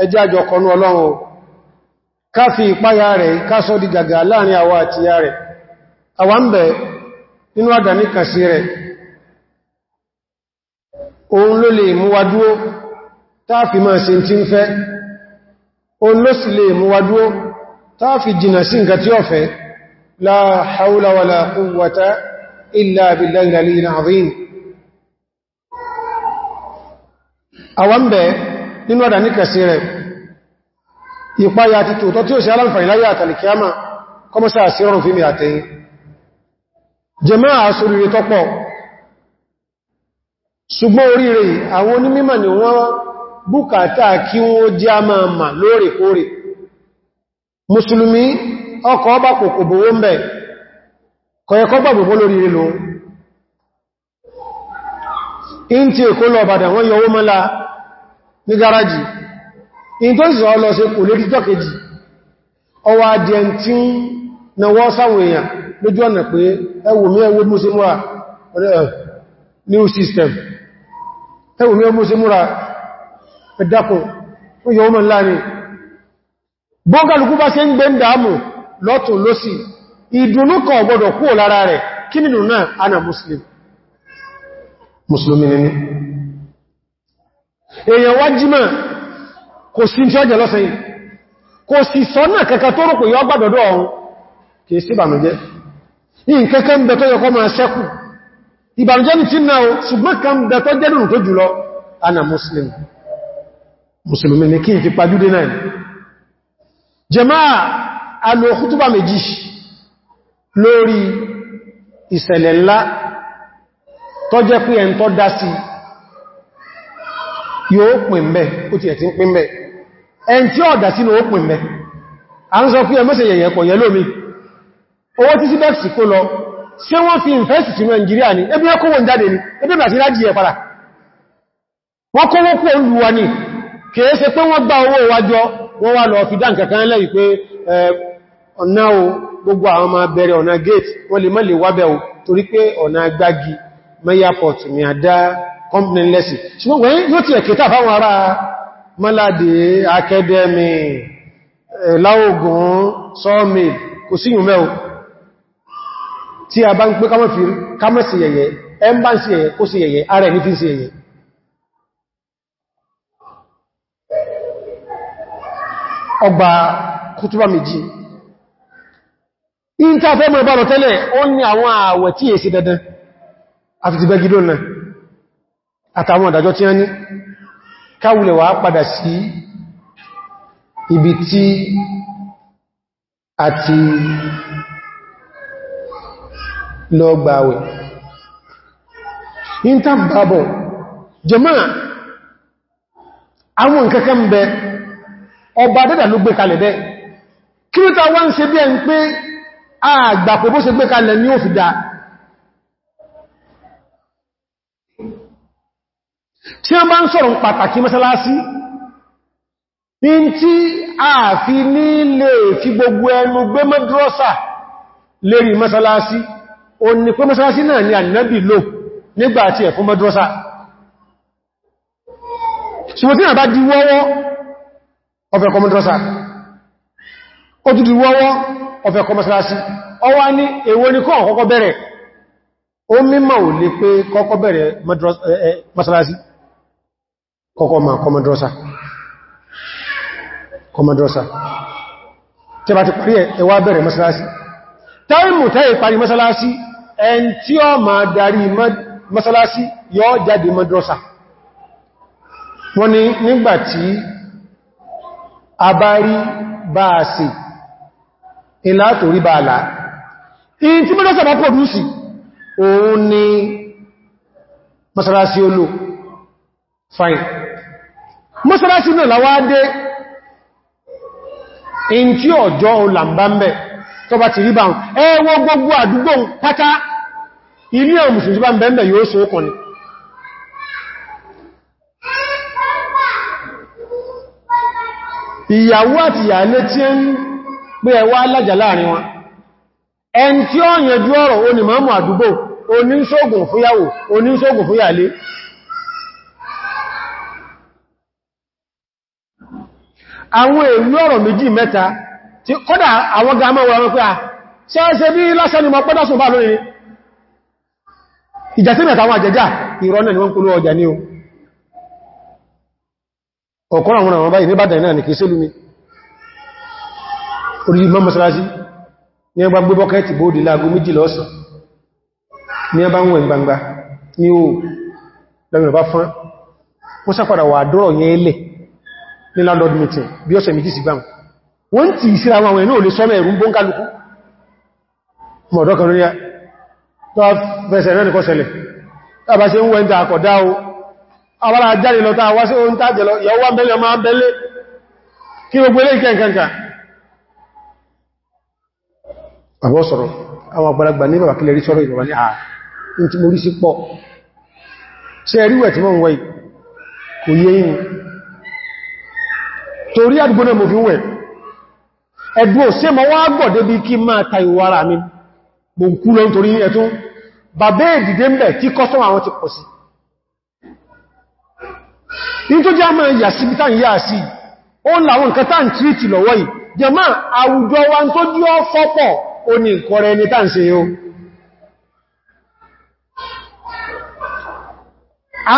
ẹjẹ́ àjọ kọnú ọlọ́run ká fi ìpáyà rẹ̀ ká sọ di gàgà láàrin àwa àti ya rẹ̀ àwa ń bẹ̀ nínú àdáni kan sí rẹ̀ òun ló lè mú wa máa ṣe tí ń fẹ́ òun ló sì lè mú wa jìnà sí nǹkan tí ó fẹ́ la nínú ọ̀dà níkẹsí rẹ̀ ìpáyà àti tòótọ́ tí ó ṣe aláǹfààní láyé àtàlìkíyàmà kọmọ́sá àṣírọ̀rùn fíìmì àtẹ́yìn jẹmáà àṣòrìrì tọ́pọ̀ ṣùgbọ́n oríire àwọn onímímọ̀ ni wọ́n bùkátà kí wọ́n jẹ́ a máa mà lóòrèkóòrè mùsùlùmí ọkọ̀ ọba kòkò bówó ń bẹ̀ kọ̀yẹ̀kọ́ gbàgbogbo lóríire lòun in ti èkó lọ ọ̀bàdàn wọ́n yọ ní gáràjì in tó ìsọ̀ ọlọ́ sí kò lórí jọ́kejì ọwà adìẹ tí ń nawọ́ sáwọn èèyàn lójú ọ̀nà pé ẹwò mí ẹwò mú sí múra new system ẹwò mí mú sí múra ẹ̀dàkùn fún yọ mọ́n láàrin bọ́nkàlùkú bá ṣe ń gbé ń lọ́tún lọ́sì ìdùnnú muslim musulmi èèyàn wá jímọ̀ kò sí tí ó jẹ lọ́sẹ̀ yìí kò sí sọ́nà tó rò pé yọ gbàdọ̀dọ̀ ọ̀run kìí sí ìbànújẹ́ yìí kankan bẹ tó yẹ máa ṣẹ́kù ìbànújẹ́ ní tí ń náà ṣùgbọ́n tó jùlọ ana muslim musulmi ni kí n fi pàdúdé náà jẹmáà méjì lórí ìṣẹ̀lẹ̀ ńlá tó jẹ́ pé ẹ̀ ń yóò pín mẹ́ ó ti ẹ̀tí ń pín mẹ́ ẹn tí ọ̀dá sínú ó pín mẹ́ a ń sọ fún ẹmọ́sẹ̀ yẹ̀yẹ̀ kọ̀ yẹ lómi owó tí síbẹ̀ sí kó lọ ṣé wọ́n fi ìfẹ́sì sínú si ní ẹbí ẹkọ́ jáde ní ẹbí bàtí rájì ẹ̀ padà wọ́n kó wọ́n pọ̀ lù wa ní pé wọ́n gba owó o gbogbo ni company lẹ́sì ṣùgbọ́n wọ́n yóò ti ẹ̀kẹta fáwọn ará mọ́ládé akẹ́dẹ́mì eh, láògùn sọ́ọ̀mì kò sí yùn mẹ́o tí a bá ń pé kámọ́ sí yẹ̀yẹ̀ ẹmbá sí yẹ̀yẹ̀ kó sí yẹ̀yẹ̀ ara ẹni fi sí yẹ̀yẹ̀ ọgbà kútúbà méjì in ta tẹ́lẹ̀ ó ní àwọn àwẹ̀ tí èsì dandan àti ti bẹ́gidó náà àtàwọn àdájọ́ tí wọ́n ní káwulẹ̀ wà padà sí ibi tí a ti lọ gbàwẹ̀. ìntàbàbọ̀ jàmáà àwọn nǹkankan bẹ ọba dẹ́dà ló gbé kalẹ̀ bẹ́ kí ló ta wá ń ṣe bí ẹn pé àgbàpọ̀ bó ṣe gbé kalẹ̀ ní òfìdá tí a bá ń sọ̀rọ̀ pàtàkì mọ́sálásí in tí a fi ní lè fi gbogbo ẹnu gbé mọ́dúrọ́sà lérí mọ́sálásí o ní pé mọ́sálásí náà ni ànábì lò nígbà tí ẹ̀fún mọ́dúrọ́sà ṣùgbọ́n tí a bá diwọ́wọ́ ọ̀fẹ́kọ́ mọ́dúrọ́sà ó tún diwọ́wọ́ ọ̀fẹ́kọ́ mọ́sálásí ọwá ní èwo ni kọ́ ọ̀kọ́kọ́ bẹ̀rẹ̀ ó mímọ̀ ò lè pé kọ́kọ́ bẹ̀rẹ̀ mọ́sálásí kọ́kọ́ ma kọmọdọ́sà kọmọdọ́sà tí a bá ti parí ẹ wá bẹ̀rẹ̀ masalasi táìmù táì parí masalasi ẹn tí ó ma darí masalasi yọ jáde mọdọ́sà wọ́n ni nígbàtí a bá rí bá a sì ilá torí bá àlá in tí mọdọ́sà bá pọ̀dúsì òun ni masalasi olóò fine mọ́sálásí náà láwádé in tí ọjọ́ olàmbámbẹ̀ tó bá ti rí bá ẹwọ gbogbo àdúgbò pátá ilé àwọn mùsùlùmí bá ń bẹ̀ẹ̀bẹ̀ yóò so kọ̀ ni ìyàwó àti ìyàlé tí ń pé ẹwà alájà láàrin wọn ẹn tí ó yẹjú ọ̀rọ̀ onímọ̀mù àdúgbò oníṣògùn fúyàwó oníṣògùn fúyàlé àwọn èlú ọ̀rọ̀ méjì mẹ́ta tí kọ́dà àwọn ga mọ́ wọn pé à ṣe ń ṣe bí lásán ni mọ́ pọ́dásùn bá lórí ìjà mẹ́ta àwọn àjẹjà ìrọ́nà ni wọ́n kúrò ọjà ní ọkọ́rọ̀ àwọn àwọn báyìí níbàdàn náà ní ni orí mọ́ mọ́sálásí ní ẹgbà gbé bọ́kẹ́tì bóòdì láago méjì lọ́sàn ní ẹbá ń wọ̀n gbangba ní bá fán ní landlord meeting bí ọ̀sẹ̀ méjì sí gbáhùn wọ́n tí ìsíra wọn àwọn ẹ̀nà olè sọ́mọ̀ ẹ̀rùn bó ń kálukú mọ̀dọ́kan lórí tó fẹsẹ̀ rẹ̀ nìkan sẹlẹ̀ tàbá ṣe ń wẹ́ ìta àkọ̀dá o awára ajáre lọ tàà wá sí ohun tàjẹ̀ lọ yàwó wá bẹ́lẹ̀ ọmọ abẹ́lé kí gbogbo ilé ìkẹ́ nǹkankan àbọ́ sọ̀rọ̀ àwọn àgbàlagbà ní bàbá kílẹ̀ rí sọ́rọ̀ ní àà torí àdúgbónà mò fi wẹ̀ ẹ̀dùn òsí mọ́ wá gbọ̀dé bí kí máa ta ìwàrà mi mò ń kú lọ nítorí ẹ̀tún bàbá èdìdé ń bẹ̀ kí kọ́sọ́mà ti pọ̀ sí ní tó jẹ́ máa yà sí bítà yà sí ó ń làwọn nǹkan tán tírìtì lọ́wọ́ yìí àwùjọ wa ẹni yóò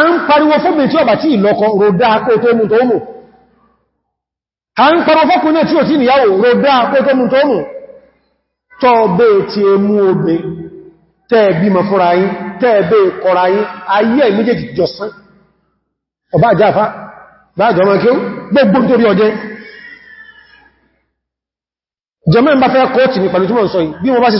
ń pariwo tí ọba tí ròdá a ń pẹ̀rọ fọ́kùn náà tí ò tí níyàwó rẹ̀ bẹ́ àpé tó mú tó mú tọ́ọ̀bẹ̀ tí è mú obè tẹ́ẹ̀bí mọ̀ fúnra yín tẹ́ẹ̀bẹ̀ kọra yín ayé ẹ̀ méjèèjì jọsán ọba àjáfá bájọ ọmọ kí ó gbogbo nítorí ọjẹ́ jẹmọ́ ń bá fẹ́ kọ́ọ̀tì ní pẹ̀lú tí wọ́n sọ yìí bí wọ́n bá sí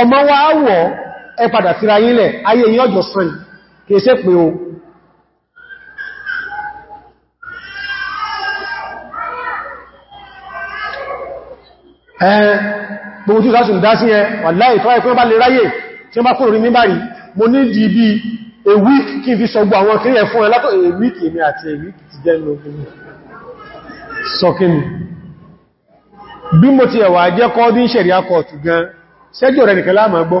ọmọ wá wọ́ ẹ padà fira yílẹ̀ ayé yí ọjọ́ sàn kìí ṣe pé o gbogbo tí sásùn dá sí ẹ wà láì tọ́ ẹkùn bá lè ráyè tí wọ́n bá kúrò rí mímbàrí mo ní di bí a week kí n fi sọgbọ́ àwọn kí ẹ fún ẹ látọ̀ a week èmi àti a week ti jẹ́ lógún sọkínì bí mo ti ẹ̀wà jẹ́ kọ́ bí ń ṣẹ̀rí akọ̀ọ̀tù gan ṣẹ́jọ́ rẹ̀ nìkan láàmà gbọ́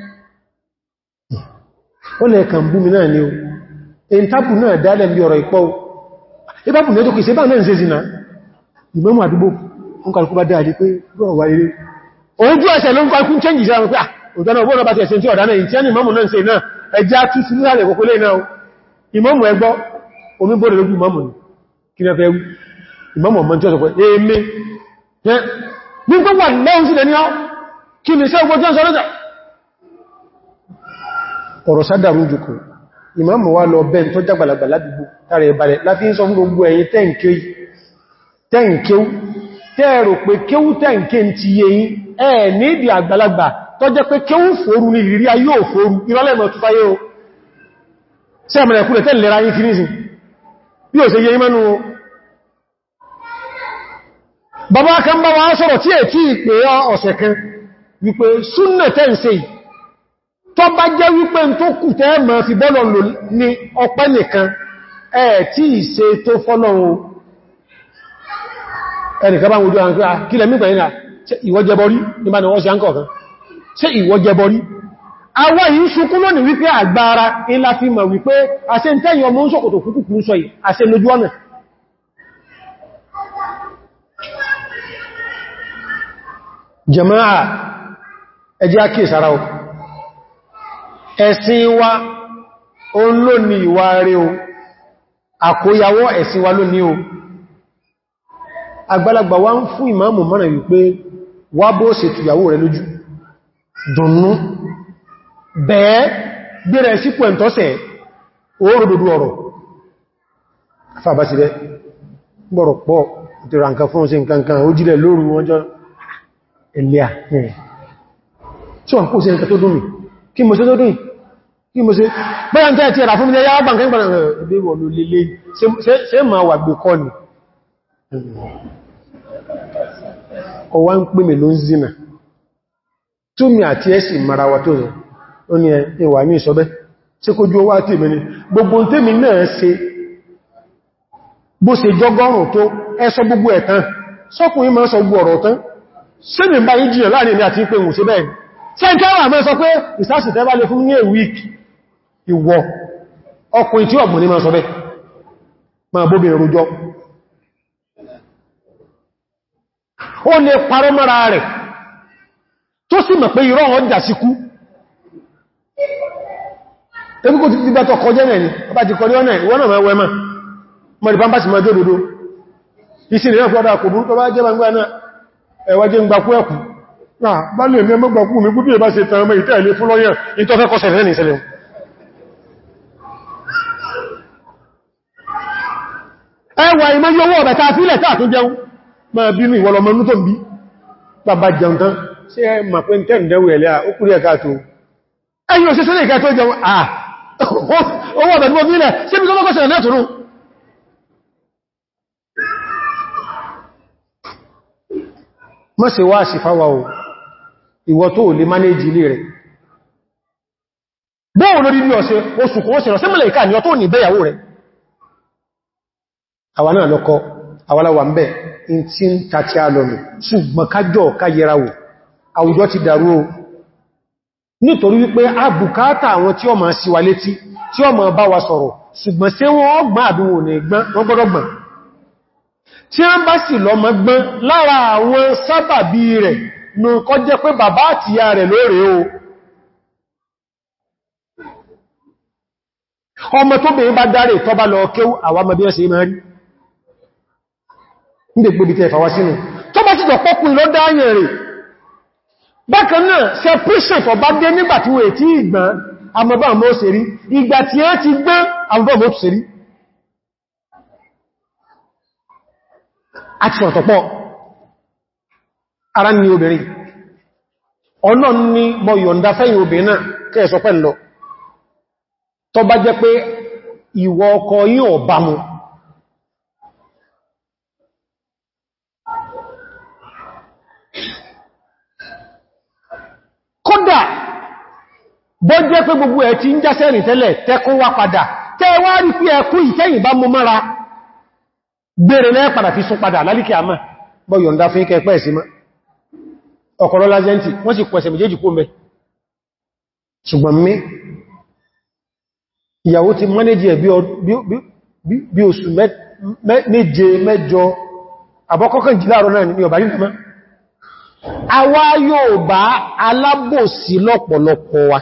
ó lè kàn bú mi náà ni o èyí tábù náà dálẹ̀ bí ọ̀rọ̀ ìpọ́ ìbábù ní ọjọ́ kìí sẹ́bà náà ń ṣe zina ìmọ́mù àdúgbò ń kàrùkú bá dáadé pé rọ̀ wà ilé ojú ẹsẹ̀ ló ń kàrùkú chẹ́njì sára pé ọ̀dọ́nà ọgbọ́n ọba náà ń ṣe náà ẹjá tú sí lálẹ̀ na fẹ́ wú ìmọ́mù ọmọ tí ó sọ pé èémé ní gbogbo àdìlẹ́hùn sí lẹ́ni ọ́ kí ni iṣẹ́ ogbó ó ń sọ ọ̀rọ̀ sádàrú jùkú ìmáàmù wá lọ bẹ́ẹ̀ tó jágbàlagbà ládùgbò tààrẹ ìbàlẹ̀ láti ń sọ fún gbogbo ẹ̀yin tẹ́ǹkéú tẹ́ẹ̀rò pé kéú tẹ́ǹké ti yẹyìn ẹ̀ nídi àgbàlagbà tó jẹ́ pé kéú fòrú ní ìrírí ayé òfòrú ìrọ́lẹ̀mọ̀ tó fáyé o sí àmàlẹ̀kúrẹ̀ tẹ́lẹ̀lẹ́ra yìí kìí sí bí ò se yẹ imẹ́nu bàbá tó bá jẹ́ wípé tó kù tẹ́ ma fi bọ́lọ̀ lò ní ọpẹ́ nìkan ẹ̀ tí ìṣe tó fọ́lọ́run ẹnìkan bá wojú àwọn ah, kílẹ̀ mígbà yínà ṣe ìwọ́jẹbọrí ní bá ní wọ́n ṣe à ń kọ̀ọ̀kan ṣe ìwọ́jẹbọrí àwa yìí jama'a ẹjẹ́ àkíyèsára ọkùn ẹ̀sìn wa òun ló ní ìwà rẹ̀ o àkóyawọ́ ẹ̀sìn wa ló ní o àgbàlagbà wá ń fún ìmáàmù mọ́nà wípé wá bó ṣe tùyàwó rẹ̀ lójú dùnnú bẹ́ẹ̀ gbẹ́rẹ̀ sípò ẹ̀ntọ́sẹ̀ oòrùdòdó ọ̀rọ̀ fàbásílẹ̀ gbọ́rọ̀ pọ̀ nǹkan fún ṣe nǹkankan ó jílẹ̀ lóru wọn jọ ẹ̀lẹ́à tí wọ́n kó ṣe nǹkan tó dùn mí kí mo ṣe tó dùn kí mo ṣe bẹ́ẹ̀ tẹ́ ti ẹ̀rà fún mi yá bàǹkẹ́ ìgbàrà ẹgbẹ́ wọ̀lú lélé ṣe ma wà gbé kọ́ ni ọwá ń pè mẹ́ ló ń zina túnmí àti ẹ̀sì mara wa tó rọ̀ ní ẹwà ní ìṣọ́bẹ́ tí kó jú ọwá tí mẹ́ni gbogbo tẹ́mi náà ṣe bó ṣe jọgọ́rùn tó ẹsọ gbogbo ẹ̀tàn sọ́kùnrin máa sọ gbogbo ọ̀rọ̀ tán sẹ́mi bá lè fún ní èwìkì ìwọ ọkùnrin tí ọ̀gbọ̀n ní máa sọ bẹ́ máa bóbìnrin rojọ́ ó lè parọ́ mọ́ra rẹ̀ tó sì mọ̀ pé irọ́ ọjà síkú ebí kò ti bẹ́tọ̀ kọjẹ́ mẹ́ni ọba ti kọrí ọ́nà ìwọ́nà máa wẹ́mà mọ̀rí bá ń bá sì máa jódodo ìsìn ìrìn ọ̀pọ̀dá kò burúkọ bá jẹ́ gbangba náà ẹwàjẹ́ ń gbakú ẹkù náà bá lè mẹ́mọ́gbàkú mi gúbí ẹbá se tàn ọmọ ìtẹ́ ilé fún lọ́yẹ̀ ìtọ́fẹ́kọ́sẹ̀ fẹ́ ẹwà ìmọ́ yóò wọ́ ọ̀bẹ̀ tàà sílẹ̀ tàà tó jẹun máa bínú ìwọlọmọnú tó ń bí bàbá jẹun tán ẹ ma pé ń tẹ́ ìdẹ́wò ẹ̀lẹ́ òkúrí ẹ̀ká tó ẹ̀yìn òṣèṣẹ́lẹ̀ ìkà tó jẹun àà owó ọ̀bẹ̀ tó bílẹ̀ bí ọ̀sẹ̀ oṣù kò ó ìkà ni ọ tó ní àwọn náà lọ́kọ́ àwọláwà ń bẹ̀ in tí ń tàti alọ́nù ṣùgbọ́n kájọ káyẹrawò àwùjọ ti dàrú o nítorí wípé a bùkátà àwọn tí ó máa ṣì létí tí ó máa bá wa sọ̀rọ̀ ṣùgbọ́n ṣé wọ́n gbọ́n àdúwò ní gbọ́n wọ́n gbọ́dọ̀ gbọ́n tí a ń bá sì lọ mọ́ gbọ́n lára àwọn sábàbí rẹ̀ nù kọ́ jẹ́ pé ọmọ tó bèé bá dárè tọ́bá lọ kéwú àwọn ọmọ bí ẹ́ sì rí nígbègbèbí tẹ́ ìfàwà sínú tó bá títọ̀ pọ́kùn lọ dáyẹ̀ rẹ̀ bákan náà separation for bá dé nígbà tí wọ́n ètí ìgbà àmọ́bá àmọ́ ó ìgbà tí ẹ ti gbá àmọ́bá àmọ́ ó sèrí àti ọ̀tọ̀pọ̀ ara ni obìnrin ọ̀nà ni mọ yọ̀ǹda fẹ́yìn obìnrin náà kẹ́ẹ̀sọ pẹ́ bó jẹ́ pé gbogbo ẹ̀ ti ń jásẹ́ rìn tẹ́lẹ̀ tẹ́kún wá padà tẹ́wàá rí pé ẹkún ìkẹyìn bá mú mọ́ra gbèrè lẹ́ padà fi sún padà lálìkẹ́ àmà bọ́ yọ̀nda fún ikẹ́ pẹ́ ìsinmá lázẹ́ntì wọ́n sì pẹ̀sẹ̀ méjèèjì kó mẹ́ ṣùgbọ́n ìyàwó ti wa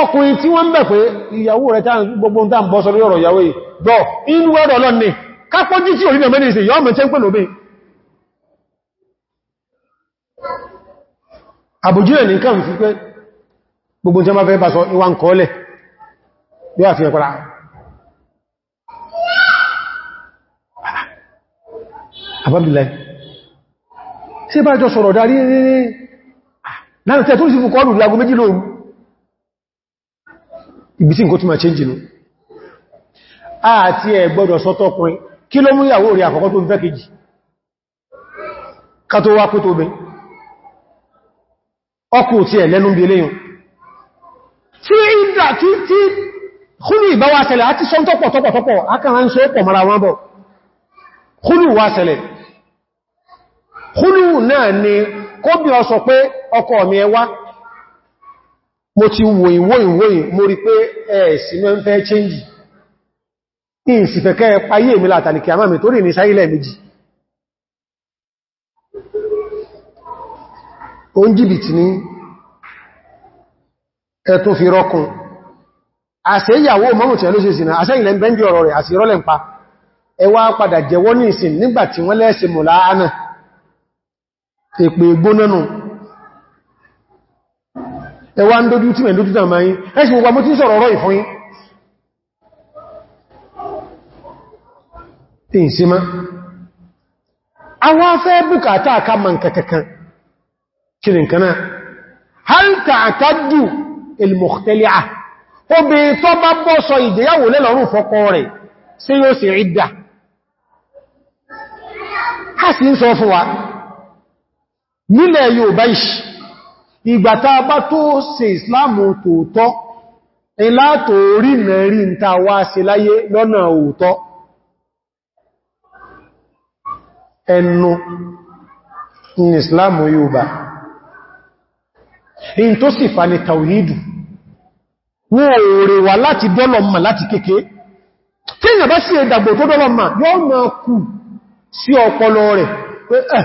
ọkùnrin tí wọ́n ń bẹ̀ pé ìyàwó rẹ̀ tán gbogbo tán bọ́ sọ lórí ọ̀rọ̀ ìyàwó ìgbọ́ inú ọ̀rọ̀ lọ́nà kápọ́jú tí orílẹ̀ mẹ́rin mẹ́tẹ́ ń pè lóbi àbújúrẹ̀ ní kàn gbogbo tí wọ́n fẹ́ sọ àbábìlẹ̀ sí ah. bá jọ sọ̀rọ̀ darí tẹ́ tó sì fún ibi tí nǹkan tí ma change nù àti ẹ gbọ́dọ̀ sọ́tọ́kùnrin kí ló mú ìyàwó rẹ̀ àkọ́kọ́ tó ń fẹ́ kejì ká tó wá kó tó bẹ ọkù tí ẹ̀ lẹ́nu bí eléyìn tí ìdà tí tí kúrù ìbáwà ni kó bí ọ sọ pé ọkọ mi ẹ mo ti wòyìn wòyìn wòyìn mo rí pé ẹ̀ẹ̀sì mẹ́ ń fẹ́ chenji in sì fẹ́ kẹ́ payé mi látàlì kìí àmàmì tó rí ní sáyílẹ̀ méjì o ń jìbìtì ní ẹ̀tún fi rọ́kùn àṣẹ ìyàwó mọ́mùtí pa ẹwà ń dójú tí mẹ́ dójú tàmà yí ẹ́sì gbogbo mú tí sọ̀rọ̀ ọ̀rọ̀ ìfún yí tí ń sí má àwọn afẹ́ bukata aka ma nkankan kí ni nkaná halta àtájú ilmọ̀tẹ́lẹ́à obìnrin tó bá bọ́ sọ ìgbéyàwó lẹ́lọ́rùn fọ́kọ rẹ̀ sí yóò sì rí dà ha sì ń sọ fún wa nílẹ̀ yóò báyìí igbata bá tó islam ìsìláàmù tòótọ́ ilá tòórí mẹ́rí ń ta wá ṣe láyé lọ́nà òótọ́ ẹnu ní ìsìláàmù Yorùbá in tó sì fa ni tàwíìdù wọ́n òòrè wà láti dọ́lọ̀mà láti kéèké tí ìyàn sí ẹ̀dàgbò tó dọ́lọ̀mà yóò kù sí ọpọlọ rẹ̀ pé ẹ̀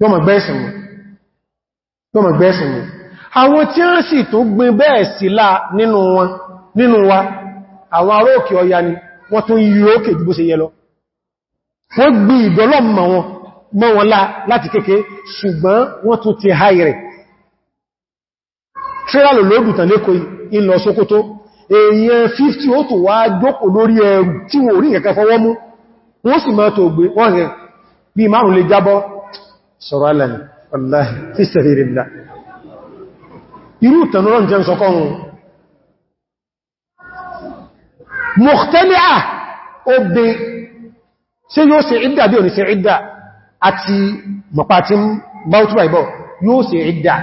yọ́ mọ̀ gbẹ́ẹ̀sìn mú àwọn tí ó sì tó gbin bẹ́ẹ̀ sí láà nínú wa àwọn ará òkè ọya ni wọ́n tún yí òkè jù bó ṣe yẹ lọ wọ́n gbí ìdọ́lọ́ mọ́ wọn láti kéèké ṣùgbọ́n wọ́n tún ti ha ìrẹ̀ tírálò lóòdùtàn lẹ́kọ̀ọ́ ìlọ Sókótó èèyàn 50 ó tó wá jókòó lórí ẹrù tí wọ́n orí ìkẹ́kẹ́ fọwọ́ mú wọ́n sì máa tó gbé wọ́n rẹ̀ bí márùn sọ̀rọ̀lẹ̀ ọ̀láhì fi sẹ̀rẹ̀rẹ̀lá irú tẹ̀lọ́rọ̀ jẹ́ sọkọrùn mọ̀tẹ́lẹ̀à obè ṣe yóò ṣe ìdá bí òní ṣe ìdá àti mọ̀pàtí báutúwà ìbọ̀ yóò ṣe ìdá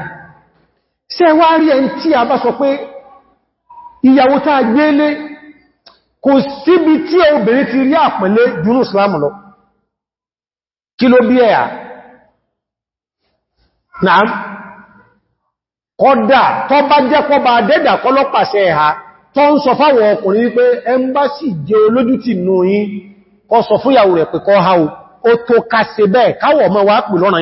ṣe wá rí ẹn tí a bá sọ pé ìyàwó tàà gbélé kò síbi tí obìnrin ti rí àpẹ̀lẹ́ dúnú ìsìlámù lọ kí ló bí ẹ̀yà Naam. Kọ́dà tó bá jẹ́ kọ́ bá dẹ́dà kọ́lọ́pàṣẹ ẹ̀hà tó ń sọ fáwọn ọkùnrin wípé ẹmbásì jẹ nù yí sọ fún ìyàwó rẹ̀ ha o, ó tó ká se bẹ́ẹ̀ káwọ̀ ọmọ wa pù lọ́nà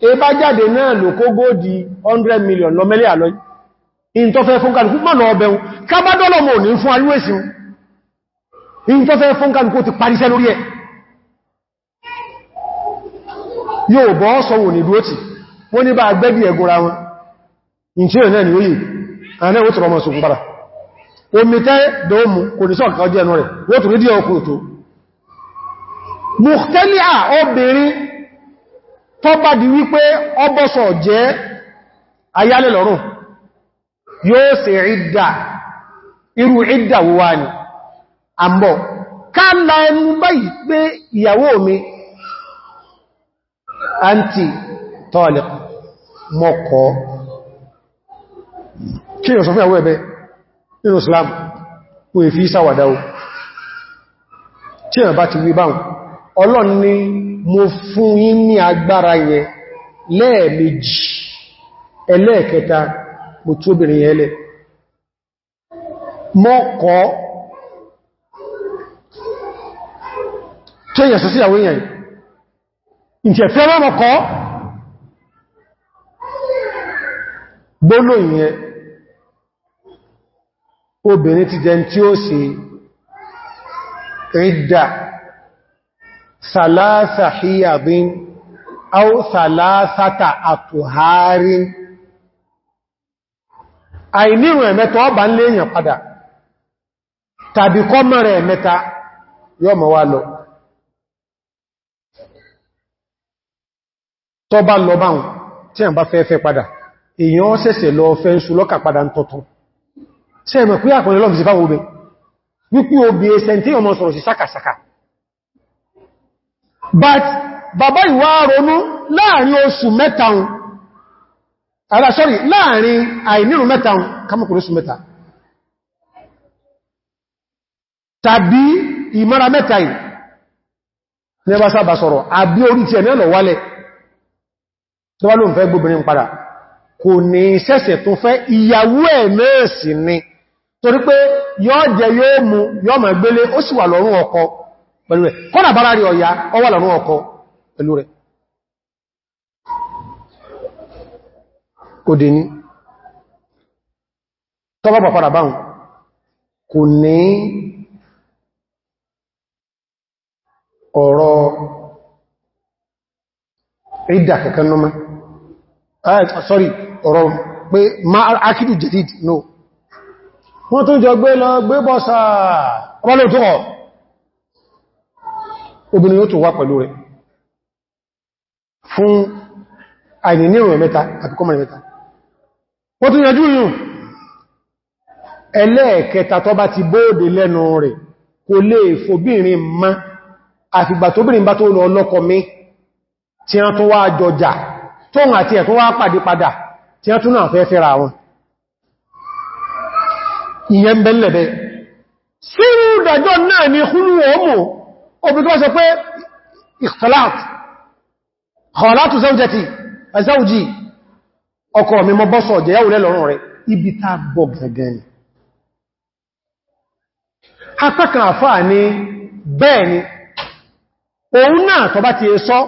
ẹbá jáde náà lò kó góòdì 100 million lọ mẹ́lẹ́ àlọ́yí in tó fẹ́ fún kàlùkù mọ́nà ọbẹ̀un kábádọ́lọ̀ mọ̀ ní fún alúwẹ̀sìn in tó fẹ́ fún kàlùkù ti paríṣẹ́ lórí ẹ̀ yóò bọ́ sọ̀wò ní dúótì wọ́n ní bá gbẹ́bí ẹ̀gọ́ra wọn in tí yóò náà ni kò ní sọ́ọ̀kọ́ jẹ́ ẹnu rẹ̀ wọ́n tó rí díẹ̀ ọkùnrin tó mùtẹ́lì à obìnrin tó di wípé ọbọ́sọ̀ jẹ́ ayálẹ̀ lọ́rùn yóò ṣe ìdà irú ìdà wúwa ni àmbọ̀ ká la ẹnu báyìí pé ìyàwó mi àǹtì tọ́ọ̀lẹ̀ mọ́kọ̀ kí yóò sọ fún ìyàwó Islam kò èfi sáwàdáwó tí ti wí báhùn ọlọ́ni mo fún yín ní agbára yẹn lẹ́ẹ̀mejì ẹlẹ́ẹ̀kẹta mo tú obìnrin yẹn lẹ̀ mọ́ kọ́ tó yẹ̀ sọ́sí àwọn èèyàn ìtẹ̀fẹ́ mọ́ kọ́ ìyẹn obìnrin ti jẹ tí ó sì rídà ثلاثة حيض أو ثلاثة أطهار àìnírùn ẹ̀mẹ́ta ọba ń léèyàn padà tàbí kọ́ mẹ́rẹ̀ ẹ̀mẹ́ta yọ mọ̀ wá lọ tọ́ bá lọ báhùn tí ẹ̀mbá fẹ́ fẹ́ padà èèyàn ṣẹ̀ṣẹ̀ lọ fẹ́ ń sú lọ́kà padà ń tọ̀tún sẹ́ẹ̀mẹ̀ pé àkọlẹ̀ fáwọn obẹ̀ wípé obì ẹsẹ̀ ọmọ sọ̀rọ̀ sí sákàsákà but bàbá ìwà ronú láàrin oṣù mẹ́taun ara sorry láàrin àìnírùn mẹ́taun kamakùnrin oṣù mẹ́ta tàbí ìmọ́ra mẹ́ta yìí ní ẹbá sábà sọ̀rọ̀ àbí orí tí ẹ̀mí wálẹ̀ tó wá ló ń fẹ́ padà kò ní sẹ́sẹ̀ tó fẹ́ ìyàwó ẹ̀ mẹ́ẹ̀sì ni torí ọkọ pẹ̀lú rẹ̀ kọ́nà bára rí ọ̀yá ọwà ọkọ pẹ̀lú rẹ̀ ní tọ́bọ̀ báhùn kò ní ọ̀rọ̀ ìdà ah, sorry ọ̀rọ̀ pé no wọ́n tún jọ gbé lọ gbé bọ́sà obìnrin yóò tó wá pẹ̀lú rẹ̀ fún àìní ní ìrùn mẹ́ta àti kọmọ̀ mẹ́ta wọ́n tún yàjú yùn ẹlẹ́ẹ̀kẹta tó bá ti bóòdè lẹ́nu rẹ̀ kò lè fòbìnrin ma àfìgbà tóbìnrin bá tó lọ ọlọ́kọ mi tí wọ́n tó wá jọjà tóhun àti ẹ̀ tó wá pàdé padà tí wọ́n tún náà fẹ́ ni húnú obì tó ṣe pé ikhtilat khalatu zawjati azawji ọkọ mi mọ́ bọ́sọ̀ jẹyàwó lẹ́lọ́rùn rẹ̀ ibi ta bọ̀ gẹ̀gẹ̀n apákan àfáà ni bẹ́ẹ̀ ni òun náà tọ́ bá ti è e sọ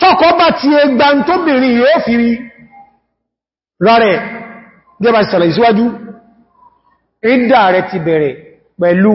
tọ́kọ bá ti è e gbà ìdá rẹ̀ ti bẹ̀rẹ̀ pẹ̀lú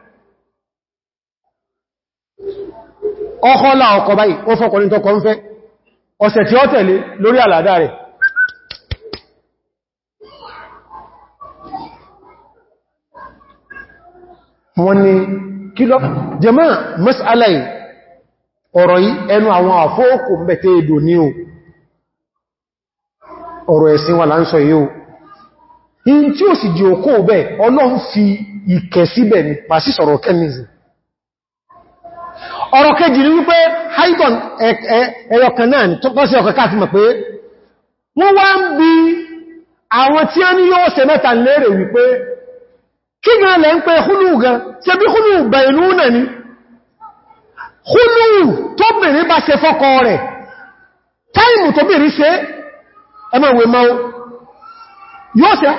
ọkọ́lá ọkọ̀ báyìí ó fọ́kùnrin tó kọ́ ń fẹ́ ọ̀sẹ̀ tí ó tẹ̀lé lórí àlàdá rẹ̀ wọ́n ni kílọ́ jẹmọ́ mẹ́sàlẹ̀ ọ̀rọ̀ ẹnu àwọn àfóòkù mẹ́tẹ́ èdò ní o ọ̀rọ̀ ẹ̀sìn wà láńsọ yìí o in tí ó sì ọ̀rọ̀ kejì ní wípé haidon ẹ̀yọkàn náà tó kọ́ sí ọkọ̀ káàkiri pé wọ́n wá ń bí àwọn tí a ní yóò ṣe mẹ́ta lérè wípé kí gan lẹ́ ń pẹ húnú gan ṣe bí húnú bẹ̀ẹ̀lú náà ni húnú tó bèèrè bá ṣe fọ́kọ rẹ̀ táìmù tó bèèrè ṣe ẹmọ̀wé mọ́ yóò ṣe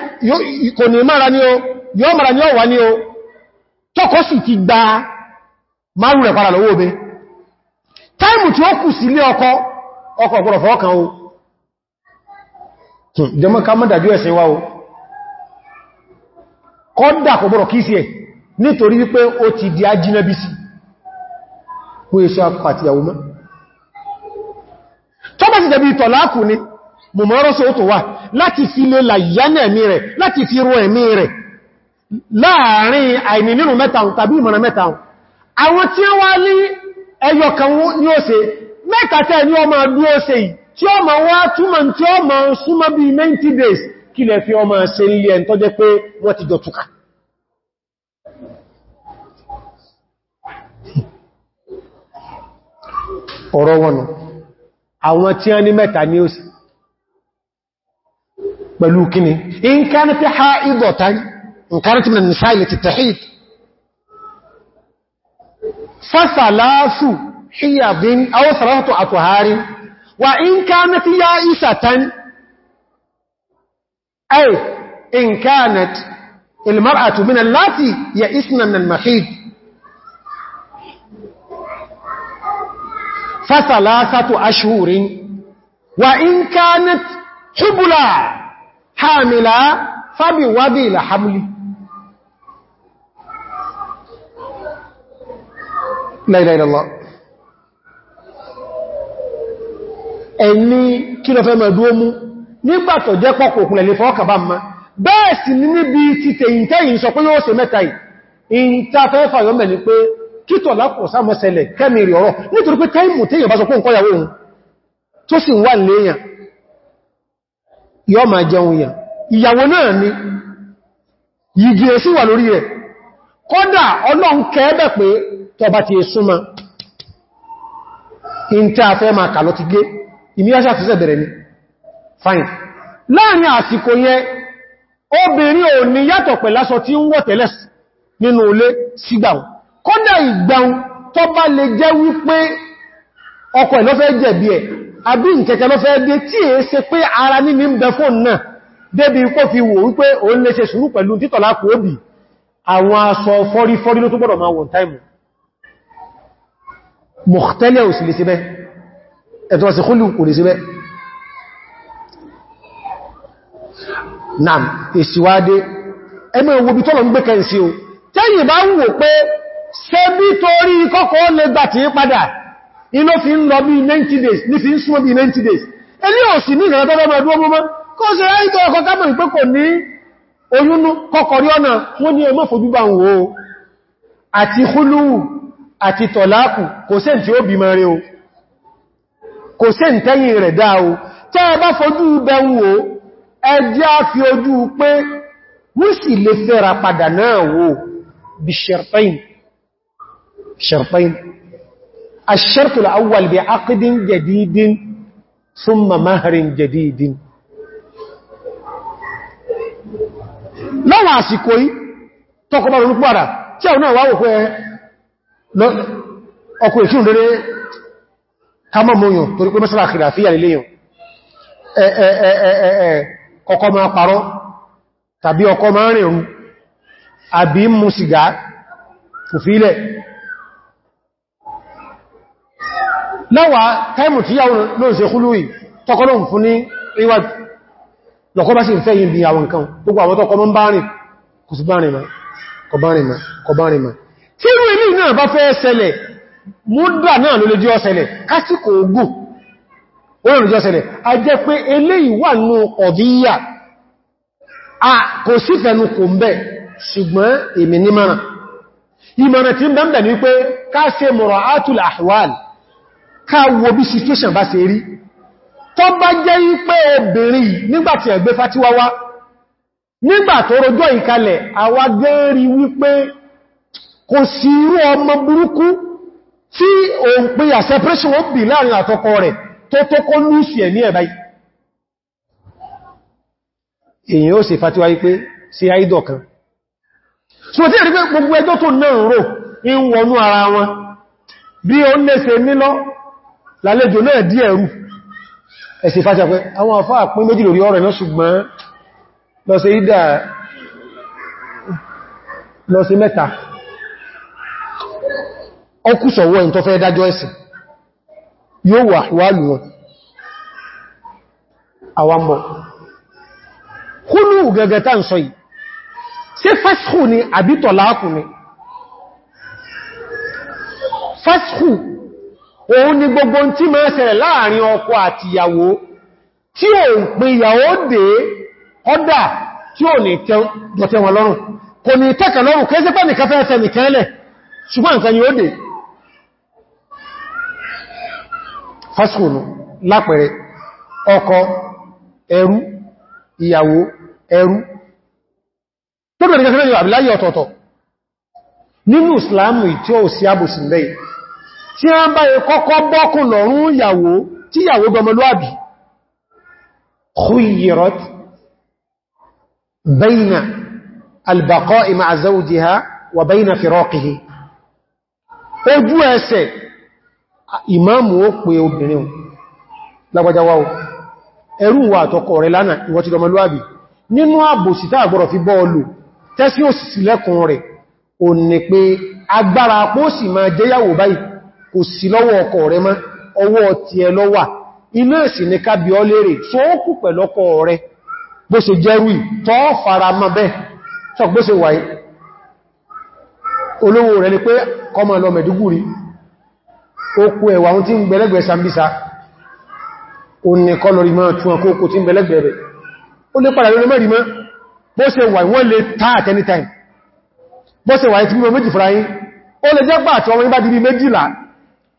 kò ní mara ní o márùn rẹ̀ padà lọ́wọ́ obe táìmù tí ó kù sí ilé ọkọ ọkọ ọ̀pọ̀lọ̀ fọ́ọ̀kan o jẹmọ́ ká mọ́ o kọ kò gbọ́rọ̀ kìí sí ẹ̀ nítorí wípé ó ti di ajínẹ́bísì kú èso àpàtìyàwó ni fi nínú mẹ́ta tàbí àwọn tí wá ní ẹyọkan ní ó mẹ́kàtẹ́ ní ọmọ adú ó se tí ó ma wá túnmọ̀ tí ó ma súnmọ́ bí 90 days kí lẹ fi ọmọ se ilé ẹ̀ tọ́jẹ́ pé wọ́n ti jọ ọ̀rọ̀ wọnù àwọn tí a ní mẹ́ta ní ó pẹ̀lú kíni ha فثلاث حيض أو ثلاثة أطهار وإن كانت يائسة أي إن كانت المرأة من التي يئسن من المحيض فثلاثة أشهر وإن كانت حبلا حاملا فبوضي لحملي la ilaha illallah ẹni kí lọ fẹ́ mọ̀ ẹ̀dú omu nígbàtọ̀ jẹ́ pọ̀pọ̀ òkùnlẹ̀ lè fọ́ọ̀kà bá ma bẹ́ẹ̀ sì ní níbi ti tẹ̀yìntẹ́yìn sọ pé yóò ṣe mẹ́ta ìyàwó náà ni yìí gẹ̀ẹ́sí wà lórí kódà ọlọ́run kẹ́ẹ̀bẹ̀ pé tọba ti súnmọ́ in tí a fẹ́ ma kà ti gé ìmíyàṣà ti sẹ̀bẹ̀rẹ̀ ni fine láàrin àsìkò yẹn obìnrin ò ní yàtọ̀ pẹ̀láṣọ tí ń wọ̀ tẹ́lẹ̀ nínú ilé sígbàun kódà ìgbàun tó bá lè jẹ́ wípé ọkọ ẹ̀ ló fẹ́ jẹ̀bi ẹ̀ àbí nkẹ̀kẹ́ ló fẹ́ dé tí è ṣe pé ara débi kó fi wò wípé òun lè ṣe sùúrù pẹ̀lú títọ̀lá kò óbìí àwọn aṣọ fọ́rífọ́rí ló tó gbọ́dọ̀ máa wọ̀n táìmù mọ̀tẹ́lẹ̀ òsì lè síbẹ̀ ẹ̀tọ́ sí kúlù kò lè síbẹ̀ náà èsìwádé ẹmẹ́ owó bí tọ́lọ̀ ń gbé kẹ́ǹsí o tẹ́yìn bá wò pé ṣe bí torí kọ́kọ́ lè gbà tí padà inú fi ń lọ bí 90 days ní fi ń súnmọ́ bí 90 days elé òsì ní ìrànlọ́dọ́dọ́ oyúnú kọkọrí ọ̀nà wọ́n ní ẹmọ́ fojúgbà ń wo àti húlúù àti tọ̀láàkù kò sẹ́ tí ó bí mẹ́rin o kò sẹ́ tẹ́yìn rẹ̀ dáa o tẹ́ ẹ bá fojú bẹ ń wo ẹjẹ́ á fi ojú pé wọ́n sì lè fẹ́ra padà náà wo bí ṣẹ̀rpẹ́yìn الشرط الأول بعقد جديد ثم مهر جديد lọ́wọ́ àsìkò yìí tọkọba ronú pàdà tí àwọn náà wáwò pé ọkọ̀ ìkírùn lórí kamọ́ torí pé mẹ́sàlá àkìràfíà lèyàn ọkọ̀ máa parọ́ tàbí ọkọ̀ máa rìnrù àbí mú sìgá fòfílẹ̀ táìmù tí yàwó lóòsẹ̀ lọ́kọ́ bá sì ń fẹ́ yìí bí àwọn nǹkan gbogbo àwọn tọ́kọ mọ́ bá rìn kò sí bá rìn máa kọ bá rìn máa tí irú èmì náà bá fẹ́ ṣẹlẹ̀ múdà náà ló lè jẹ́ ọ̀ṣẹlẹ̀ kásìkò ogun oòrùn jẹ́ ọ̀ṣẹlẹ̀ a jẹ́ pé eléyìí wà nù ọ̀díyà kò sí fẹ́nu kò ń ṣùgbọ́n èmì situation bá ṣe tó bá jẹ́ wípé obìnrin nígbàtí ẹ̀gbẹ́ fatiwa wá nígbà tó rojọ́ ìkalẹ̀ àwa gẹ́rí wípé kò sí irú ọmọ burúkú tí o ń pè yà separation ó bì láàrin àtọkọ rẹ̀ tó tó kó lúùsì ẹ̀ ní ẹ̀báyì lálejò náà díẹ̀ ẹ̀sì fàtíà pé àwọn àfá àpín méjì lórí ọ̀rọ̀ náà ṣùgbọ́n lọ́sẹ̀ ìdà lọ́sẹ̀ mẹ́ta ọkùsọ̀wọ́ ẹ̀ tó fẹ́ dájọ́ ẹ̀sìn yóò wà wà lù wọn àwambọ̀ kúrú gẹ̀gẹ̀ tá ń sọ yìí ṣé fásíkù ni àbí tọ̀láàkù ni fásíkù òun ni gbogbo tí máa ṣẹlẹ̀ láàrin ọkọ àti ìyàwó tí ò ń pin ìyàwó dé ọdá tí ò ní dọ̀tẹ́ wọn lọ́rùn kò ní tẹ́kà lọ́rùn kí sípẹ́ nìkan fẹ́ ẹsẹ̀ nìkan ṣùgbọ́n nǹkan yóò dé lápẹẹrẹ ọkọ ẹrú ìyàwó ẹrú tó bẹ̀rẹ̀ tí a ń bá yẹ kọ́kọ́ bọ́kùn lọ́rún ìyàwó tí ìyàwó gọmọlúàbí khuyyirat bayna albaqa'i ma'a zawjiha wa bayna firaqihi ojú ẹsẹ̀ ìmáàmù ó pè obìnrin lágbàjáwá ẹrù wà àtọkọ rẹ̀ lánàá ìwọ̀tí gọmọlúàbí nínú àbòsí tá àgbọ̀rọ̀ fi bọ́ọ̀lù máa jẹ́yàwó báyìí kò sí lọ́wọ́ ọkọ rẹ mọ́ ọwọ́ ti ẹ lọ́wà iná ìsìn ní ká bí ọ lérè tó ó kù pẹ̀lọ́kọ rẹ bó ṣe jẹ́rù tọ́ fara mọ́ bẹ́ tọ́ bó ṣe wáyé olówó rẹ̀ ni pé kọmọ lọ mẹ̀dúgúrí ó kú ẹ̀wà sambisa ó ní kọ́ lórí mọ́ tún ọkọ̀ okò tí ń gbẹ̀lẹ́gbẹ̀ rẹ̀ ó lé padà time bó ṣe wà ti bí mọ́ méjì fúra yín ó lè jẹ́ pàtàkì ọmọ yín bá méjìlá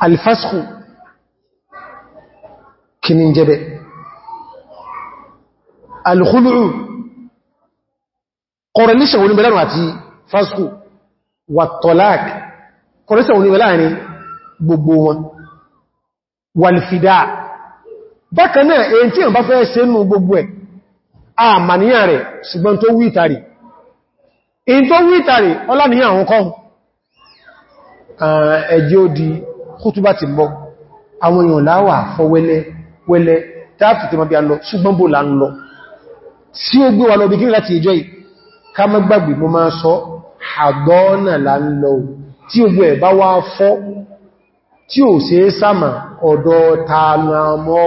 alfasku kìní jẹ́bẹ̀ alkhulu'u correlation wọn bẹ̀rẹ̀ àti fasku wà tọ́lák correlation wọn bẹ̀rẹ̀ ní gbogbo wọn wàlfidá bákan náà èyí tí wọ́n bá fẹ́ ṣe nù gbogbo ẹ̀ àmàníyàn rẹ̀ ṣùgbọ́n tó wítàrí in tó wítàrí ọlá ní àwọn kọ́ ẹjẹ́ di kútúbá ti bọ́ àwọn èèyàn láwà fọ́ wẹ́lẹ́ wẹ́lẹ́ tààtù tí ma bí a lọ ṣùgbọ́n bó la ń lọ sí ó gbé wa lọ bí kí láti ìjọ yìí ká má gbàgbé mo máa sọ àgọ́ọ̀nà là ń lọ tí ó gbé bá wá fọ́ tí ò sí sàmà ọ̀dọ̀ tààmà mọ́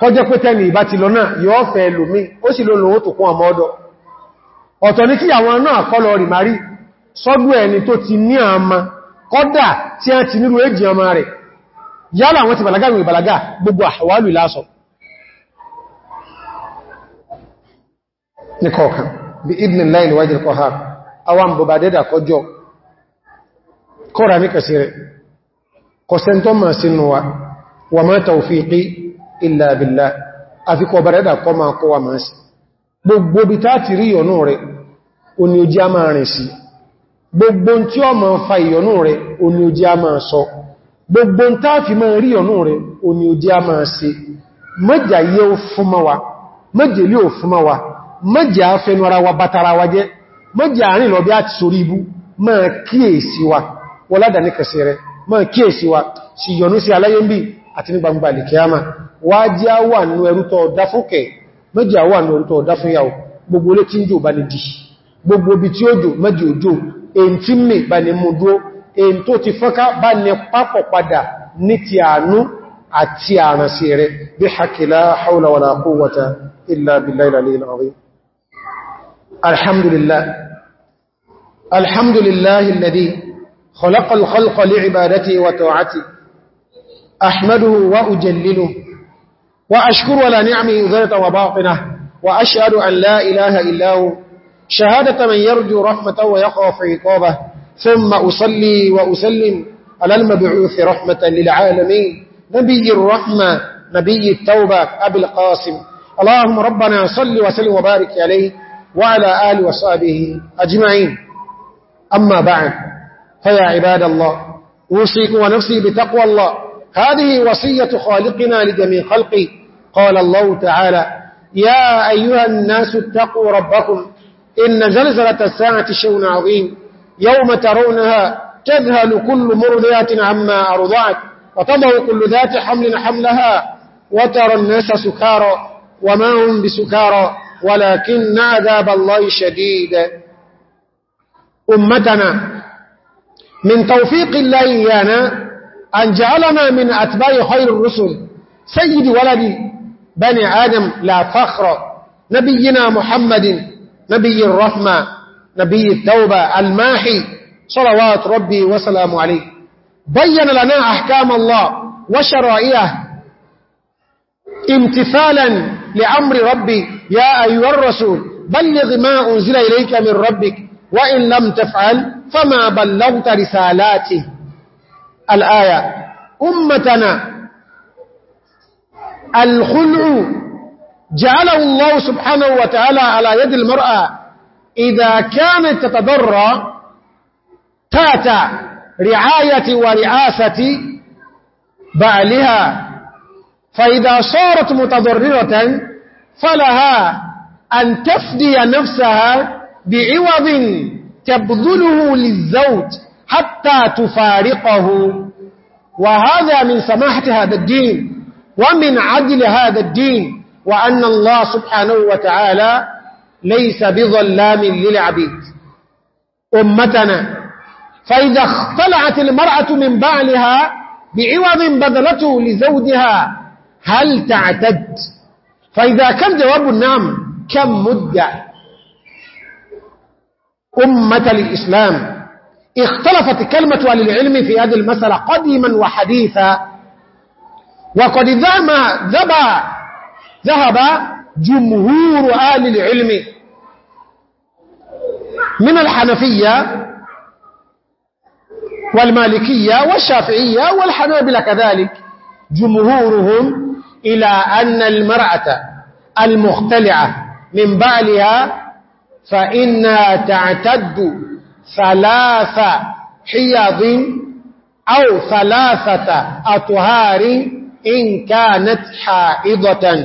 kọjẹ́ pé tẹ́lì ìbá ti lọ náà yóò fẹ́ lòmí ó sì ló tó kún ọmọ ọdọ̀ ọ̀tọ̀ ní kí àwọn náà kọlọ rì marí sọ́dọ̀ ẹni tó ti ní àmà kọ́dà tí a ti nírú èjì ọmọ rẹ̀ yálà wọ́n ti bàlágà ìwé bàlágà gbogbo àwọn illa billah àfikọ̀ ọ̀bẹ̀rẹ̀dà kọ́ máa kọ́ wa máa sí gbogbo bí táàtì rí ìyọ̀nú rẹ̀ o ni ojí a máa rìn sí gbogbo tí ó máa fa ìyọ̀nú rẹ̀ o ni ojí a máa sọ gbogbo táàfì máa rí ìyọ̀nú rẹ̀ o ni ojí a máa sí mẹ́jà yẹ ó fúnmá wa mẹ́jà ilé ó fúnmá wa mẹ́jà afẹnu ara wa bátara wa jẹ́ mẹ́jà àárín lọ bí àti sórí ibú máa kíyèsí wa wọ́ládà ní kẹsẹ̀ rẹ̀ máa kíyèsí wa sí ìyọ̀nú sí aláyé ń bí àti ní gbangba lè kíyàmà wá jí á wà nú ẹrú tọ́ ọ̀dá fókẹ̀ méjì á wà nú ẹrú tọ́ ọ̀dá fún yàwó gbogbo olé tí ń jò bá ní dì gbogbo ibi tí ó jò méjì òjò èyí tí mè bá ní mú dúró èyí tó ti fọ́nká bá ní pápọ̀ padà ní ti àánú àti àrànsì rẹ̀ bí hakila haula wala quwwata أحمده وأجلله وأشكر على نعمه ذلك وباطنه وأشهد أن لا إله إلا هو شهادة من يرجو رحمة ويخاف عقابه ثم أصلي وأسلم على المبعوث رحمة للعالمين نبي الرحمة نبي التوبة أبي القاسم اللهم ربنا صل وسلم وبارك عليه وعلى آل وصحبه أجمعين أما بعد فيا عباد الله أوصيك ونفسي بتقوى الله هذه وصية خالقنا لجميع خلقه قال الله تعالى يا أيها الناس اتقوا ربكم إن زلزلة الساعة شون عظيم يوم ترونها تذهل كل مرضيات عما أرضعت وتضع كل ذات حمل حملها وترى الناس سكارا وما هم بسكارا ولكن عذاب الله شديد أمتنا من توفيق الله إيانا أن جعلنا من أتباع خير الرسل سيد ولدي بني آدم لا فخر نبينا محمد نبي الرحمة نبي التوبة الماحي صلوات ربي وسلام عليه بين لنا أحكام الله وشرائعه امتثالا لأمر ربي يا أيها الرسول بلغ ما أنزل إليك من ربك وإن لم تفعل فما بلغت رسالاته الآية أمتنا الخلع جعله الله سبحانه وتعالى على يد المرأة إذا كانت تتضرى تات رعاية ورعاسة بعلها فإذا صارت متضررة فلها أن تفدي نفسها بعوض تبذله للزوج حتى تفارقه وهذا من سماحة هذا الدين ومن عدل هذا الدين وأن الله سبحانه وتعالى ليس بظلام للعبيد أمتنا فإذا اختلعت المرأة من بعلها بعوض بذلته لزوجها هل تعتد فإذا كان جواب النعم كم مدة أمة الإسلام اختلفت كلمة أهل العلم في هذه المسألة قديما وحديثا وقد ذهب ذبا ذهب جمهور اهل العلم من الحنفية والمالكية والشافعية والحنابلة كذلك جمهورهم إلى أن المرأة المختلعة من بعلها فإنها تعتد ثلاث حيض أو ثلاثة أطهار إن كانت حائضة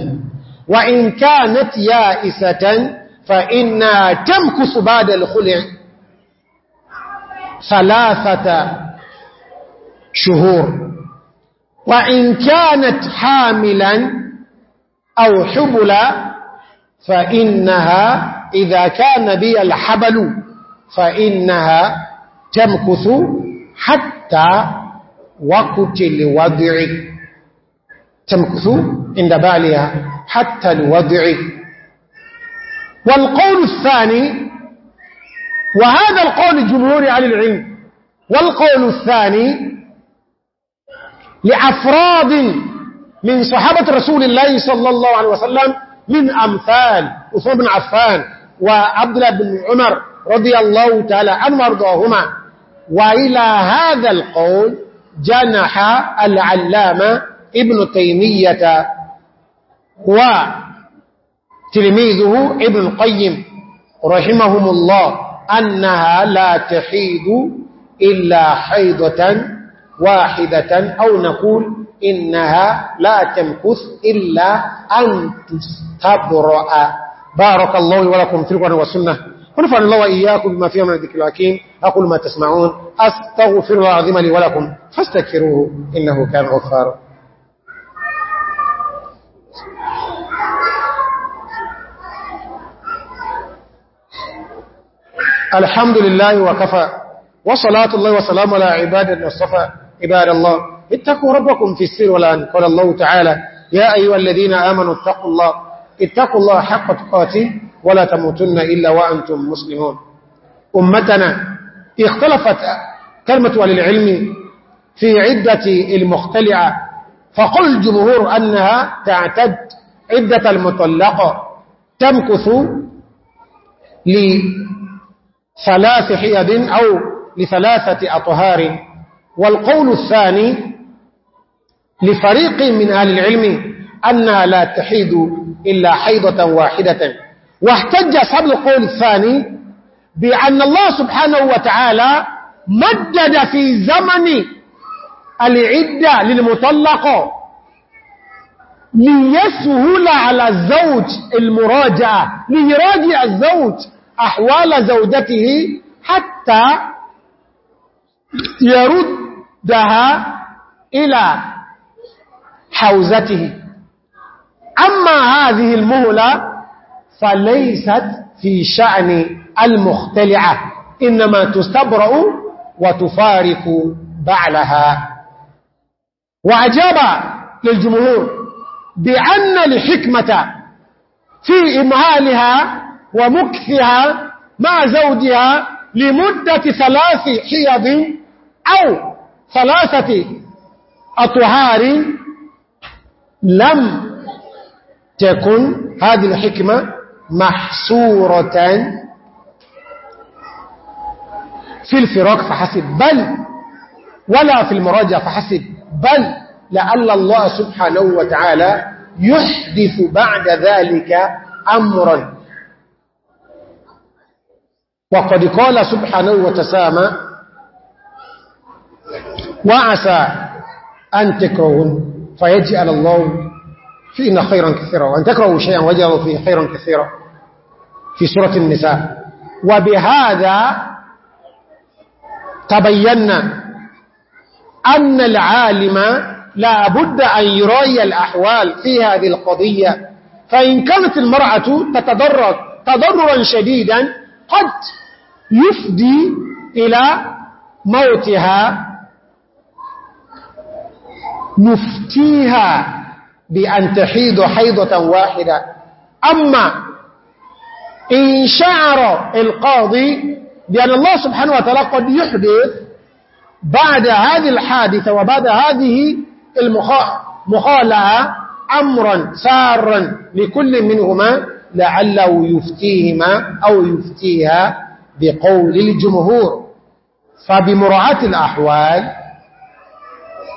وإن كانت يائسة فإنا تمكس بعد الخلع ثلاثة شهور وإن كانت حاملا أو حبلا فإنها إذا كان بي الحبل فإنها تمكث حتى وقت الوضع تمكث عند بالها حتى الوضع والقول الثاني وهذا القول الجمهور على العلم والقول الثاني لأفراد من صحابة رسول الله صلى الله عليه وسلم من أمثال أثمان بن عفان وعبد الله بن عمر رضي الله تعالى عنه وارضاهما وإلى هذا القول جنح العلامة ابن تيمية وتلميذه ابن القيم رحمهم الله أنها لا تحيد إلا حيضة واحدة أو نقول إنها لا تمكث إلا أن تستبرأ بارك الله ولكم في القرآن والسنة ونفع الله وإياكم بما فيها من الذكر الحكيم أقول ما تسمعون أستغفر العظيم لي ولكم فاستكفروه إنه كان غفارا الحمد لله وكفى وصلاة الله وسلام على عباد الصفى عباد الله اتقوا ربكم في السر والآن قال الله تعالى يا أيها الذين آمنوا اتقوا الله اتقوا الله حق تقاته ولا تموتن إلا وأنتم مسلمون أمتنا اختلفت كلمة وللعلم في عدة المختلعة فقل الجمهور أنها تعتد عدة المطلقة تمكث لأمتنا ثلاث حيض أو لثلاثة أطهار والقول الثاني لفريق من أهل العلم أنها لا تحيد إلا حيضة واحدة واحتج سبب القول الثاني بأن الله سبحانه وتعالى مدد في زمن العدة للمطلق ليسهل على الزوج المراجعة ليراجع الزوج أحوال زوجته حتى يردها إلى حوزته أما هذه المهلة فليست في شأن المختلعة إنما تستبرأ وتفارق بعلها وعجاب للجمهور بأن الحكمة في إمهالها ومكثها مع زوجها لمدة ثلاث حيض أو ثلاثة أطهار لم تكن هذه الحكمة محصورة في الفراق فحسب بل ولا في المراجع فحسب بل لعل الله سبحانه وتعالى يحدث بعد ذلك أمرا وقد قال سبحانه وتسامى وعسى أن تكرهوا فيجعل الله فينا خيرا كثيرا وأن تكرهوا شيئا ويجعل فيه خيرا كثيرا في سورة النساء وبهذا تبينا أن العالم لا بد أن يراي الأحوال في هذه القضية فإن كانت المرأة تتضرر تضررا شديدا قد يفدي إلى موتها نفتيها بأن تحيد حيضة واحدة أما إن شعر القاضي بأن الله سبحانه وتعالى قد يحدث بعد هذه الحادثة وبعد هذه المخالعة أمرا سارا لكل منهما لعله يفتيهما أو يفتيها بقول الجمهور فبمراعاة الأحوال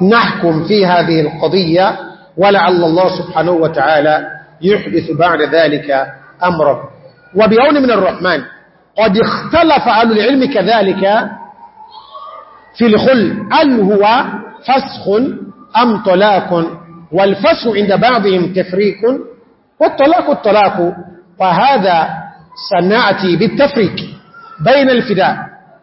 نحكم في هذه القضية ولعل الله سبحانه وتعالى يحدث بعد ذلك أمره وبعون من الرحمن قد اختلف أهل العلم كذلك في الخل أن هو فسخ أم طلاق والفسخ عند بعضهم تفريق والطلاق الطلاق فهذا سنأتي بالتفريق بين الفداء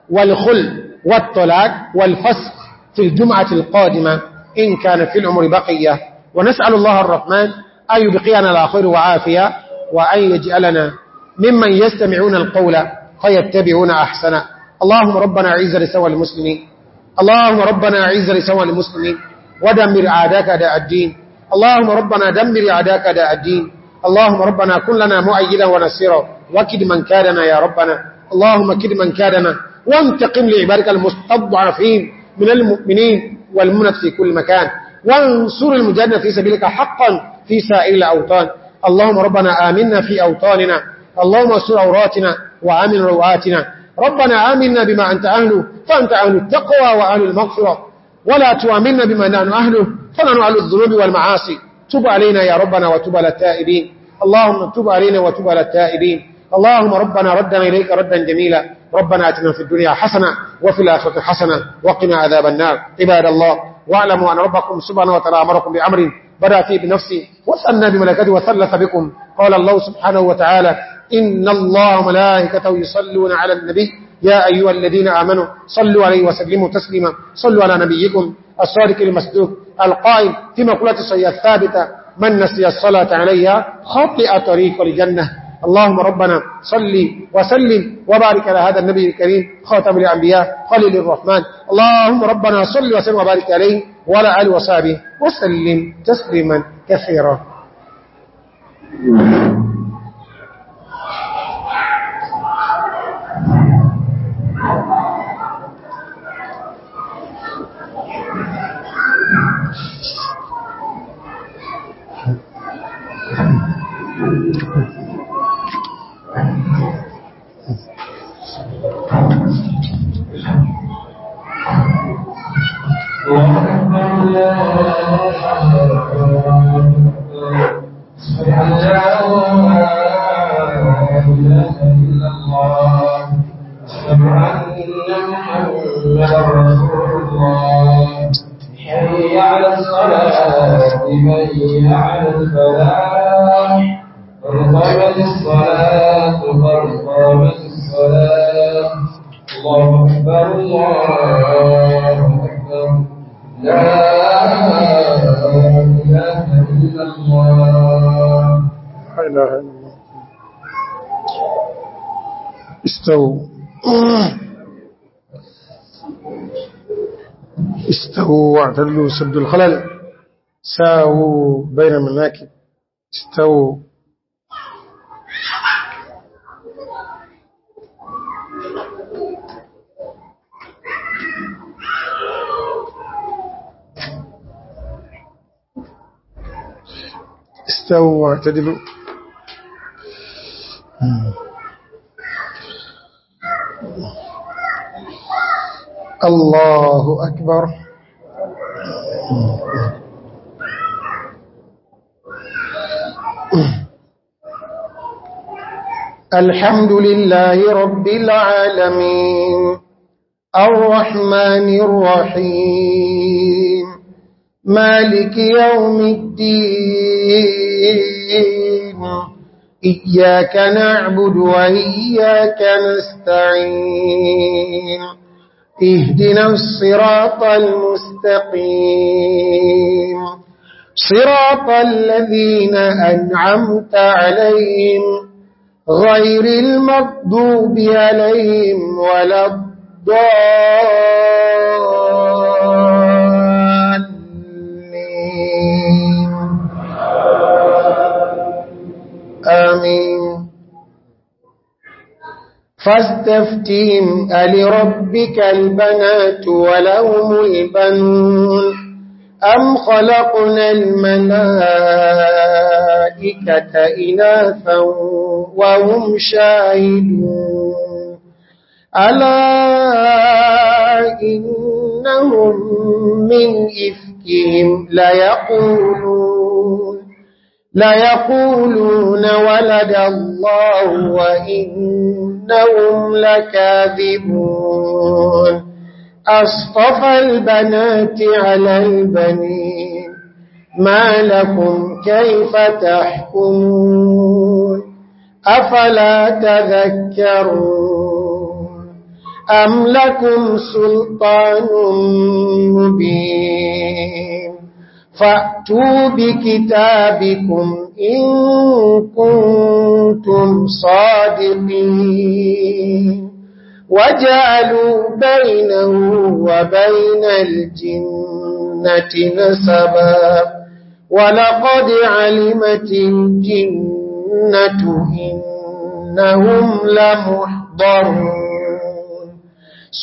والخل والطلاق والفسق في الجمعة القادمة إن كان في العمر بقية ونسأل الله الرحمن أن يبقينا الآخر وعافية وأن يجعلنا ممن يستمعون القول فيتبعون أحسن اللهم ربنا عز لسوى المسلمين اللهم ربنا عز لسوى المسلمين ودمر عاداك داء الدين اللهم ربنا دمر عاداك داء الدين اللهم ربنا كن لنا مؤيدا ونسيرا وكد من كادنا يا ربنا اللهم كد من كادنا وانتقم لعبادك المستضعفين من المؤمنين والمنت في كل مكان وانصر المجاهدين في سبيلك حقا في سائر الأوطان اللهم ربنا آمنا في أوطاننا اللهم انصر عوراتنا وآمن روآتنا ربنا آمنا بما أنت أهله فأنت أهل التقوى وأهل المغفرة ولا تؤمنا بما نحن أهله فنحن أهل الذنوب والمعاصي تب علينا يا ربنا وتب على التائبين اللهم تب علينا وتب على التائبين اللهم ربنا ردنا إليك ردا جميلا ربنا أتنا في الدنيا حسنة وفي الآخرة حسنة وقنا عذاب النار عباد الله واعلموا أن ربكم سبحانه وتعالى أمركم بأمر بدأ فيه بنفسه وثنى بملكته وثلث بكم قال الله سبحانه وتعالى إن الله ملائكته يصلون على النبي يا أيها الذين آمنوا صلوا عليه وسلموا تسليما صلوا على نبيكم الصادق المسدوك القائم في مقولة الصيئة الثابتة من نسي الصلاة عليها خطئ طريق الجنة اللهم ربنا صلي وسلم وبارك على هذا النبي الكريم خاتم الأنبياء خليل الرحمن اللهم ربنا صلي وسلم وبارك عليه وعلى آله وصحبه وسلم تسليما كثيرا استووا استووا واعتدلوا سدوا الخلل ساووا بين المناكب استووا استووا واعتدلوا الله أكبر الحمد لله رب العالمين الرحمن الرحيم مالك يوم الدين إياك نعبد وإياك نستعين اهدنا الصراط المستقيم صراط الذين أنعمت عليهم غير المغضوب عليهم ولا الضالين فاستفتهم ألربك البنات ولهم البنون أم خلقنا الملائكة إناثا وهم شاهدون ألا إنهم من إفكهم ليقولون ليقولون ولد الله وإنهم لكاذبون أصطفى البنات على البنين ما لكم كيف تحكمون أفلا تذكرون أم لكم سلطان مبين فأتوا بكتابكم إن كنتم صادقين وجعلوا بينه وبين الجنة نسبا ولقد علمت الجنة إنهم لمحضرون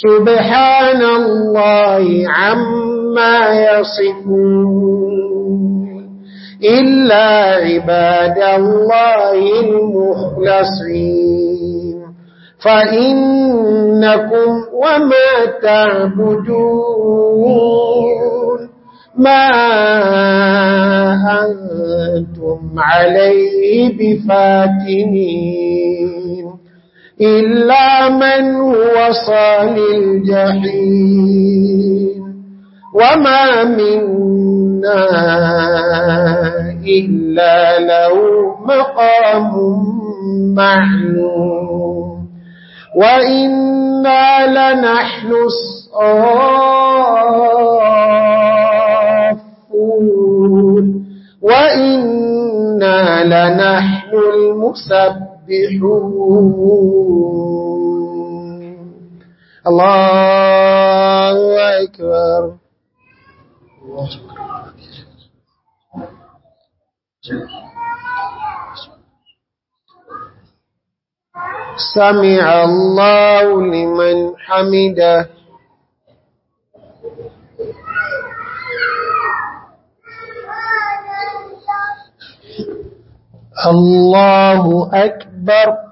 سبحان الله عما ما يصفون إلا عباد الله المخلصين فإنكم وما تعبدون ما أنتم عليه بفاتنين إلا من وصل الجحيم وما منا إلا له مقام معلوم وإنا لنحن الصافون وإنا لنحن المسبحون الله أكبر سمع الله لمن حمده الله أكبر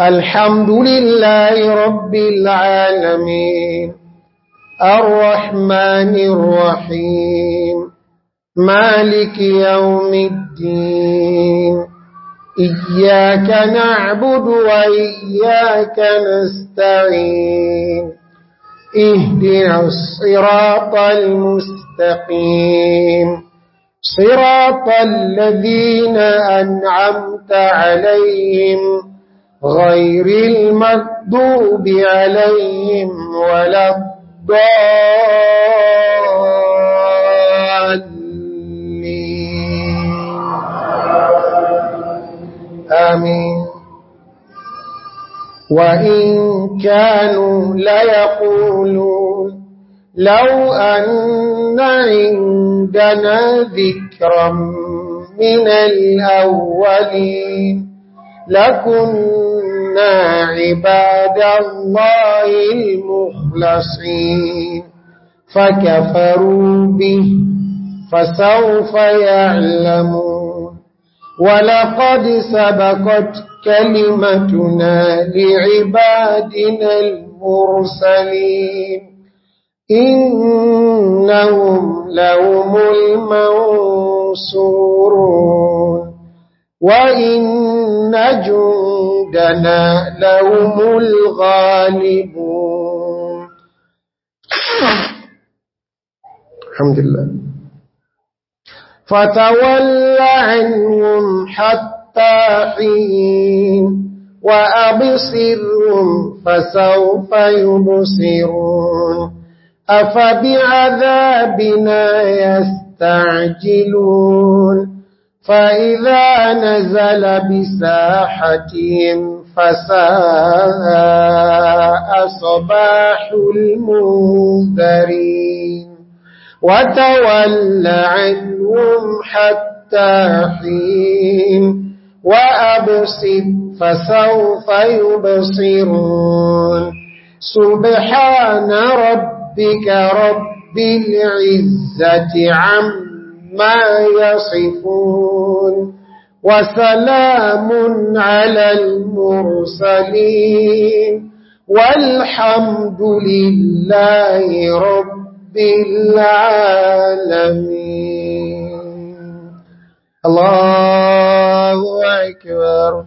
الحمد لله رب العالمين الرحمن الرحيم مالك يوم الدين إياك نعبد وإياك نستعين اهدنا الصراط المستقيم صراط الذين أنعمت عليهم غير المكذوب عليهم ولا الضالين آمين وإن كانوا ليقولون لو أن عندنا ذكرا من الأولين لكنا عباد الله المخلصين فكفروا به فسوف يعلمون ولقد سبقت كلمتنا لعبادنا المرسلين إنهم لهم المنصورون وَإِنَّ جُندَنَا لَهُمُ الْغَالِبُونَ الحمد لله فتول عنهم حتى حين وأبصرهم فسوف يبصرون أفبعذابنا يستعجلون فإذا نزل بساحتهم فساء صباح المنذرين وتول عنهم حتى حين وأبصر فسوف يبصرون سبحان ربك رب العزة عما ما يصفون وسلام على المرسلين والحمد لله رب العالمين الله أكبر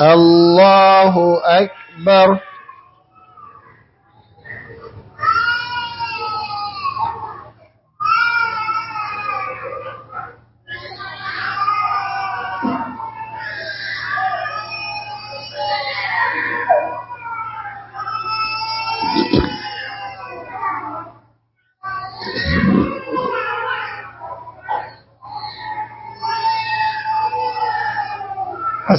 الله أكبر